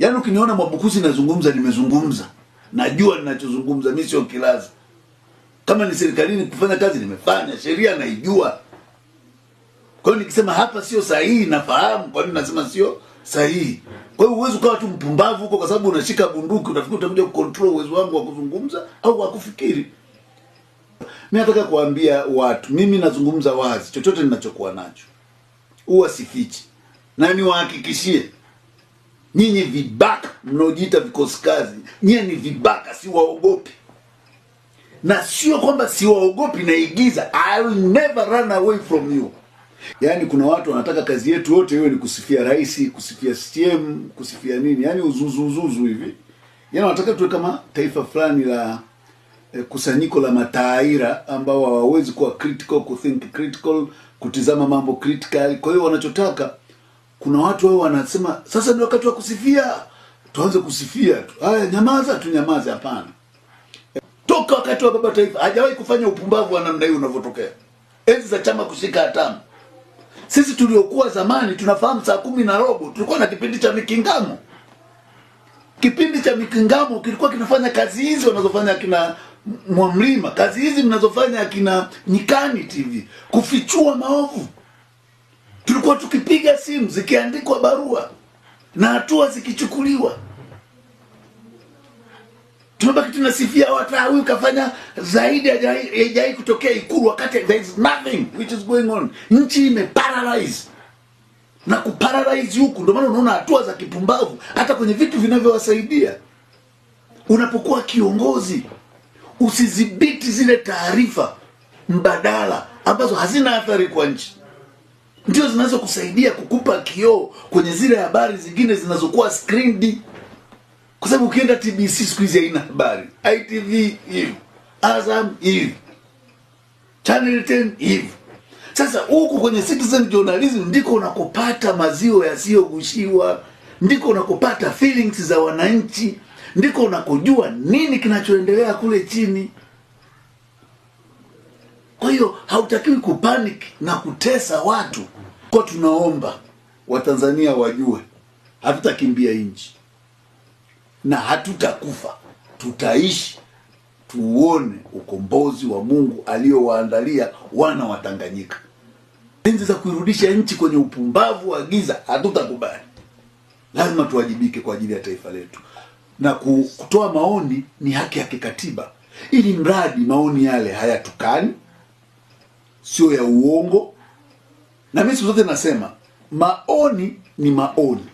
Yaani ukiniona Mwabukusi nazungumza, nimezungumza, najua ninachozungumza, mimi sio kilaza. Kama ni serikalini kufanya kazi, nimefanya, sheria naijua. Kwa hiyo nikisema hapa sio sahihi, nafahamu kwa nini nasema sio sahihi. Kwa hiyo huwezi ukawa tu mpumbavu huko, kwa sababu unashika bunduki unafikiri utakuja kucontrol uwezo wangu wa kuzungumza au wa kufikiri. Mimi nataka kuambia watu, mimi nazungumza wazi, chochote ninachokuwa nacho huwa sifichi, na niwahakikishie Nyinyi vibaka mnaojiita vikosi kazi, nyinyi ni vibaka, siwaogopi na sio kwamba siwaogopi, naigiza. I will never run away from you. Yaani kuna watu wanataka kazi yetu yote iwe ni kusifia rais, kusifia CCM, kusifia nini, yaani uzuzu uzuzu hivi. Yaani wanataka tuwe kama taifa fulani la eh, kusanyiko la mataaira ambao hawawezi kuwa critical, kuthink critical, kutizama mambo critical. Kwa hiyo wanachotaka kuna watu wao wanasema sasa ni wakati wa kusifia, tuanze kusifia tu. Haya, nyamaza tu, nyamaze. Hapana, toka wakati wa baba taifa hajawahi kufanya upumbavu wa namna hiyo unavyotokea enzi za chama kushika hatamu. Sisi tuliokuwa zamani tunafahamu saa kumi na robo tulikuwa na kipindi cha mikingamo. Kipindi cha mikingamo kilikuwa kinafanya kazi hizi wanazofanya kina Mwamlima, kazi hizi mnazofanya akina Nyikani TV, kufichua maovu tulikuwa tukipiga simu zikiandikwa barua na hatua zikichukuliwa. Tumebaki tunasifia hata ah, huyu kafanya zaidi haijawahi kutokea Ikulu, wakati there is nothing which is going on. Nchi imeparalyze na kuparalyze huku, ndio maana unaona hatua za kipumbavu hata kwenye vitu vinavyowasaidia. Unapokuwa kiongozi, usidhibiti zile taarifa mbadala ambazo hazina athari kwa nchi ndio zinazokusaidia kukupa kioo kwenye zile habari zingine zinazokuwa screened, kwa sababu ukienda TBC siku hizi haina habari. ITV hivi, Azam hivi, Channel 10 hivi. Sasa huku kwenye citizen journalism ndiko unakopata maziwa yasiyogushiwa, ndiko unakopata feelings za wananchi, ndiko unakojua nini kinachoendelea kule chini hiyo hautakiwi kupanic na kutesa watu. Kwa tunaomba Watanzania wajue hatutakimbia nchi na hatutakufa, tutaishi tuone ukombozi wa Mungu aliyowaandalia wana wa Tanganyika. Enzi za kuirudisha nchi kwenye upumbavu wa giza hatutakubali. Lazima tuwajibike kwa ajili ya taifa letu, na kutoa maoni ni haki ya kikatiba, ili mradi maoni yale hayatukani sio ya uongo, na mimi siku zote nasema maoni ni maoni.